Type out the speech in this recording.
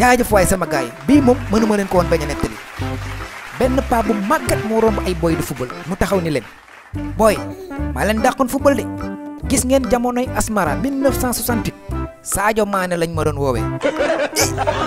jaajëf waay sama gars yi bii moom mënuma leen ko woon bañ a nettali benn paa bu màggat moo romb ay boy di football mu taxaw ni leen booy maa leen dàqoon football de gis ngeen jamonoy asmara saajo maane Mané lañ ma doon woowee